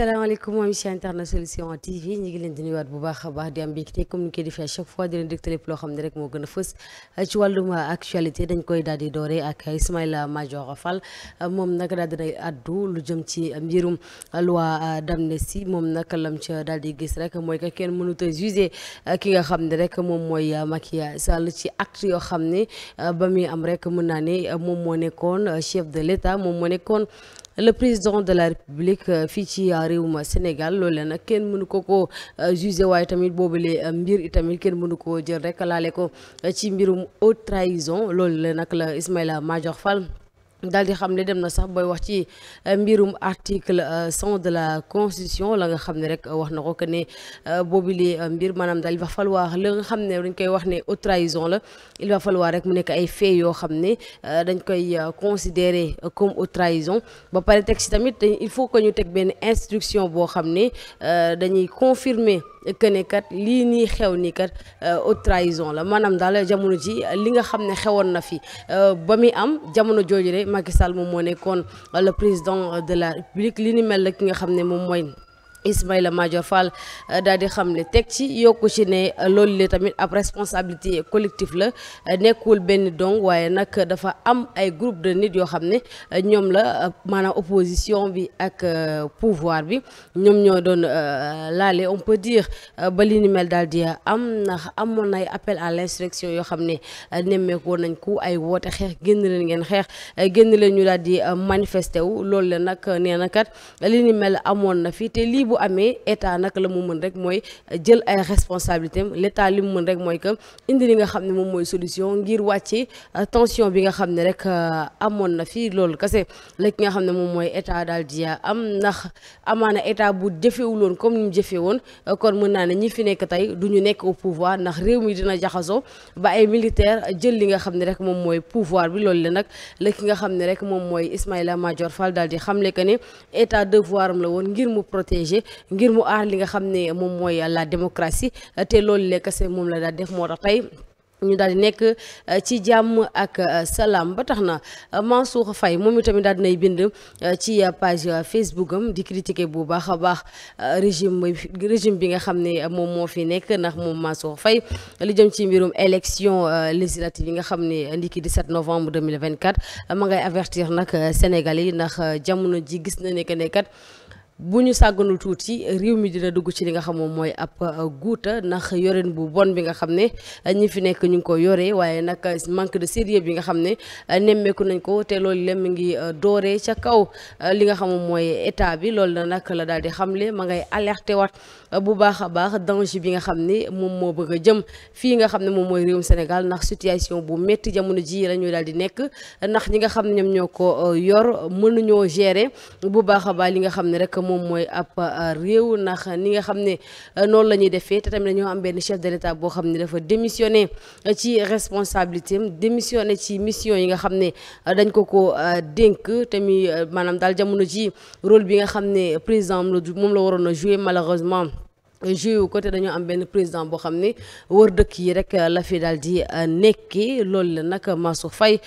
salaamaaleykum moom si internet solution TV ñu ngi leen di bu baax a baax di am mbégte comme ni ñu koy defee à chaque fois di leen dégtal lépp loo xam ne rek moo gën a fës euh, ci wàllum euh, actualité dañ koy daal di doore ak euh, Ismaïla Madior Fall moom nag daal dinay addu lu jëm ci mbirum loi d'amnistie moom naka lam ca daal di gis rek mooy que kenn mënut a juger ki nga xam ne rek moom mooy Macky Sall ci acte yoo xam ne ba muy am rek mën naa ne moom moo nekkoon chef de l'État moom moo nekkoon le président de la république euh, fii ci euh, réewum Sénégal loolee nag kenn mënu ko ko euh, jugé waaye tamit boobule mbir itamit kenn mënu ko jël rek laale ko ci mbirum haute trahison loolu la nag la Ismaïla Madior Fall daal di xam ne dem na sax booy wax ci euh, mbirum article euh, cent de la constitution la nga xam ne rek wax na ko que ne euh, boobule mbir maanaam daal il va falloir la nga xam ne dañ koy wax ne au trahison la il va falloir rek mu nekk ay faits yoo xam ne dañ koy considérer comme au trahison ba pare teg si tamit il faut que ñu teg benn instruction boo xam ne dañuy confirmer que ne kat lii nii xew nii kat euh, haute trahison la maanaam daal jamono ji li nga xam ne xewoon na fi euh, ba muy am jamono jooju de Macky Sall moom moo nekkoon le président de la République li ni mel la ki nga xam ne moom mooy. Ismaïla Madior Fall euh, daal di xam ne teg ci yokku ci ne euh, loolu le tamit ab responsabilité collective la euh, nekkul benn dong waaye nag dafa am ay groupe de nit yoo xam ne ñoom la maanaam opposition bi ak pouvoir bi ñoom ñoo doon laale on peut dire ba li ni daal di am ndax amoon ay appel à l'insurrection yoo xam ne nemmeekoo nañ ku ay woote xeex génn leen ngeen xeex génn leen ñu daal di manifester wu loolu la nag nee na amoon na fi te lii bu amee état nag la mu mën rek mooy jël ay responsabilités am l'état li mu mën rek mooy que indi li nga xam ne moom mooy solution ngir wàcce euh, tension bi nga xam ne rek euh, amoon na fii loolu kese la nga xam ne moom mooy état daal di am ndax amaana état bu jëfewuloon comme ni mu jëfee woon euh, kon mën naa ne ñi fi nekk tey du ñu nekk au pouvoir ndax réew mi dina jaxasoo ba ay militaire jël li nga xam ne rek moom mooy pouvoir bi loolu la nag la ki nga xam ne rek moom mooy Ismaïla Madior fal daal di xamle que ne état devoir am la woon ngir mu protéger. ngir mu aar li nga xam ne moom mooy la démocratie te loolu le kese moom la daal def moo tax tey ñu daal di nekk euh, ci jàmm ak euh, salaam ba tax na euh, Mansour Faye moom itamit daal dinay bind ci page Facebook am di critiquer bu baax a baax régime régime bi nga xam ne moom moo fi nekk ndax moom Mansour Faye li jëm ci mbirum élection législative yi nga xam ne ndiki 17 novembre 2024 ma ngay avertir nag Sénégalais yi ndax jamono ji gis na ne que ne bu ñu sàgganul tuuti réew mi dina dugg ci li nga xam moom mooy ab euh, guuta nax yorin bu bon bi nga xam ne euh, ñi fi nekk ñu ngi ko yore waaye nag euh, manque de sérieux bi nga xam ne nemmeeku nañ ko te loolu lem ngi dooree ca kaw li nga xam moom mooy état bi loolu la nag la daal di xamle ma ngay alerté waat bu baax a baax danger bi nga xam ne moom moo bëgg a jëm fii nga xam ne moom mooy réewum Sénégal ndax situation bu métti jamono ji la ñuy daal di nekk ndax ñi nga xam ñoom ñoo ko yor mënuñoo gérer bu baax a baax li nga xam ne rek. moom mooy ab euh, réew ndax ni nga xam ne euh, noonu la ñuy defee te tamit dañoo am benn chef de l'état boo xam ne dafa démissionné euh, ci responsabilité am démissionné ci mission yi nga xam ne dañ ko ko dénk te muy maanaam daal jamono ji role bi nga xam ne président moom la waroon a joué malheureusement joué côté dañoo am benn président boo xam ne wër dëkk yi rek la fi daal di nekki loolu la nag Mansour Faye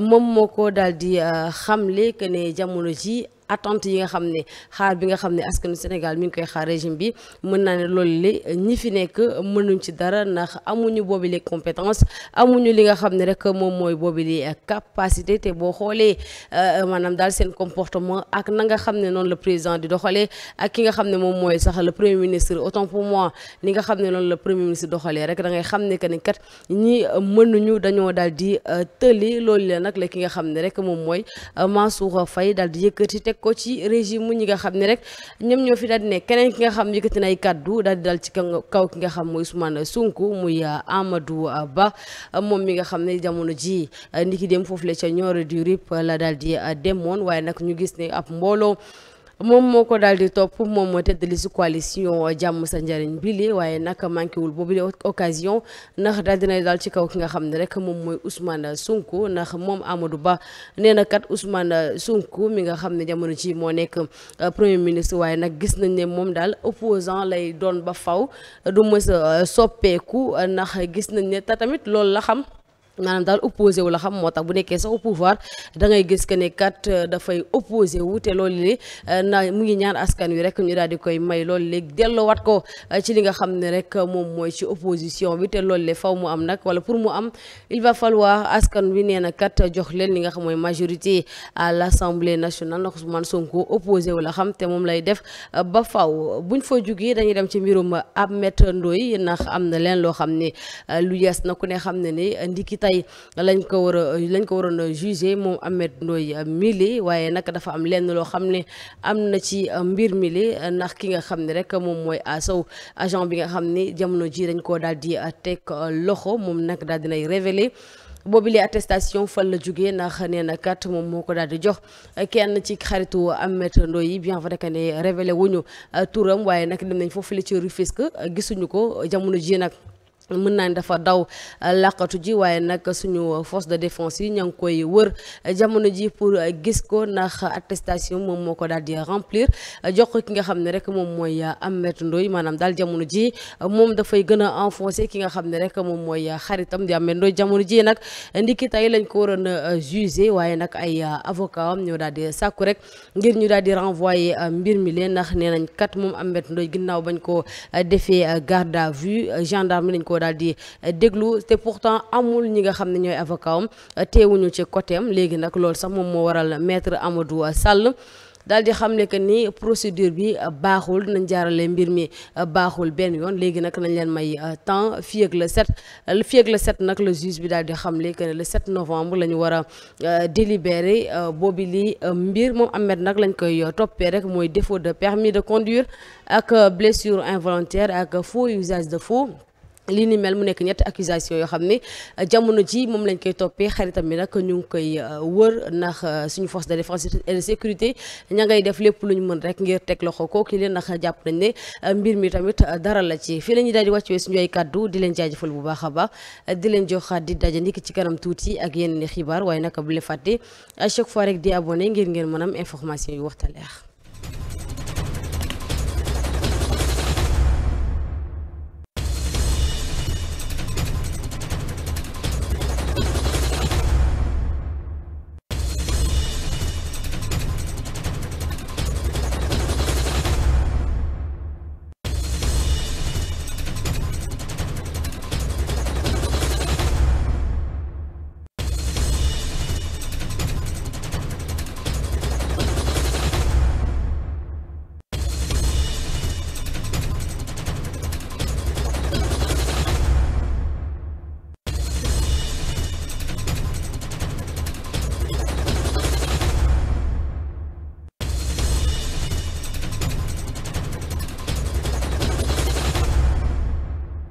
moom moo ko dal di xam que ne jamono ji attente yi nga xam ne xaar bi nga xam ne askanu Sénégal mi ngi koy xaar régime bi mën naa ne loolu li ñi fi nekk mënuñ ci dara ndax amuñu boobi les compétence amuñu li nga xam ne rek moom mooy boobi les capacité te boo xoolee euh, maanaam daal seen comportement ak na nga xam ne noonu le président di doxalee ak ki xam ne moom mooy sax le premier ministre autant pour moi ni nga xam ne noonu le premier ministre doxalee rek da ngay xam ne que ni kat ñi mënuñu dañoo daal di euh, tëli loolu la nag la ki nga xam ne rek moom mooy euh, Mansour fay daal di yëkkati teg teg ko ci régime ñi nga xam ne rek ñoom ñoo fi daal di nekk keneen ki nga xam yëkkati na ay kàddu daal di dal kaw ki nga xam mooy Ousmane Sonko muy euh, Amadou euh, Ba euh, moom mi nga xam ne jamono ji niki dem foofu la ca Nioro du Rip la daal di demoon waaye nag ñu gis ne ab mbooloo moom moo ko daal di topp moom moo tëdd li si coalition jàmm sa njariñ bile waaye nag manqué wul boobu occasion ndax daal dinay daal ci kaw ki nga xam ne rek moom mooy Ousmane Sonko ndax moom Amadou Ba nee na kat Ousmane sunk mi nga xam ne jamono ci moo nekk euh, premier ministre waaye nag gis nañ ne moom daal opposant lay doon ba faw du mës a euh, soppeeku euh, ndax gis nañ ne te tamit loolu la xam maanaam daal opposé la xam moo tax bu nekkee sax pouvoir da ngay gis que ne kat euh, dafay opposé wu te loolu li euh, na mu ngi ñaan askan wi rek ñu daal di koy may loolu léegi delloowaat ko euh, ci li nga xam ne rek moom mooy ci opposition bi te loolu le faw mu am nag wala pour mu am il va falloir askan wi nee na a jox leen li nga xam mooy majorité à l' assemblée nationale ndax Ousmane Sonko opposé wu la xam te moom lay def ba faw buñ fa jugee dañuy dem ci mbirum Ahmed Ndoye ndax am na leen loo xam tey lañ ko war a lañ ko waroon a jugé moom Ameth Ndoye mili waaye nag dafa am lenn loo xam ne am na ci euh, mbir mili ndax ki nga xam ne rek moom mooy Asow euh, agent bi nga xam ne jamono ji dañ koo daal di euh, teg loxo moom nag daal nay révélé boobile attestation fan la jógee ndax nee na kat moom moo ko daal di jox kenn ci xaritu Ameth Ndoye yi bien vrai que ne révélé wuñu turam waaye nag dem nañ foofu la ci Rufisque gisuñu ko jamono ji nag mën naa dafa daw euh, làqatu ji waaye nag suñu force de défense yi ña ngi koy wër euh, jamono ji pour euh, gis ko ndax attestation moom moo ko daal di remplir jox ko ki nga xam ne rek moom mooy Ameth Ndoye maanaam daal jamono ji moom dafay gën a enfoncé ki nga xam ne rek moom mooy xaritam di Ameth jamono ji nag ndiki tey lañ ko waroon a jugé waaye nag ay avoca am ñoo daal di sàkku rek ngir ñu daal di renvoyé mbir mi leen ndax nee nañ kat moom Ameth Ndoye ginnaaw bañ ko defee garde à vue gendarme lañ ko koo daal di eh, déglu te pourtant amul ñi nga xam ne ñooy avocat eh, teewuñu ci côté am léegi nag loolu sax moom moo waral maître Amadou Sall dal di xam ne que ni procédure bi eh, baaxul nañ jaarale mbir mi baaxul benn yoon léegi nag nañ leen may temps fii ak le 7 fii ak le 7 nag le juge bi daal di xamle que ne le 7 novembre la ñu war a délibéré boobu lii mbir moom Ameth nag lañ koy toppee rek mooy défaut de permis de conduire ak blessure involontaire ak faux usage de faux. lii ni mel mu nekk ñetti accusation yoo xam ne euh, jamono ji moom lañ koy toppee xaritam bi nag ñu ngi koy euh, wër nax euh, suñu force de défense et de sécurité ña ngay def lépp lu ñu mën rek ngir teg loxo kooku leen ndax jàpp nañ ne mbir mi tamit dara la ci fii la ñuy daal di wàccee suñu ay kàddu di leen jaajëfal bu baax a baax di leen joxaat di daje niki ci kanam tuuti ak yenn xibaar waaye naka bu leen fàtte à chaque fois rek di abonné ngir ngeen mën am information yu waxtaleex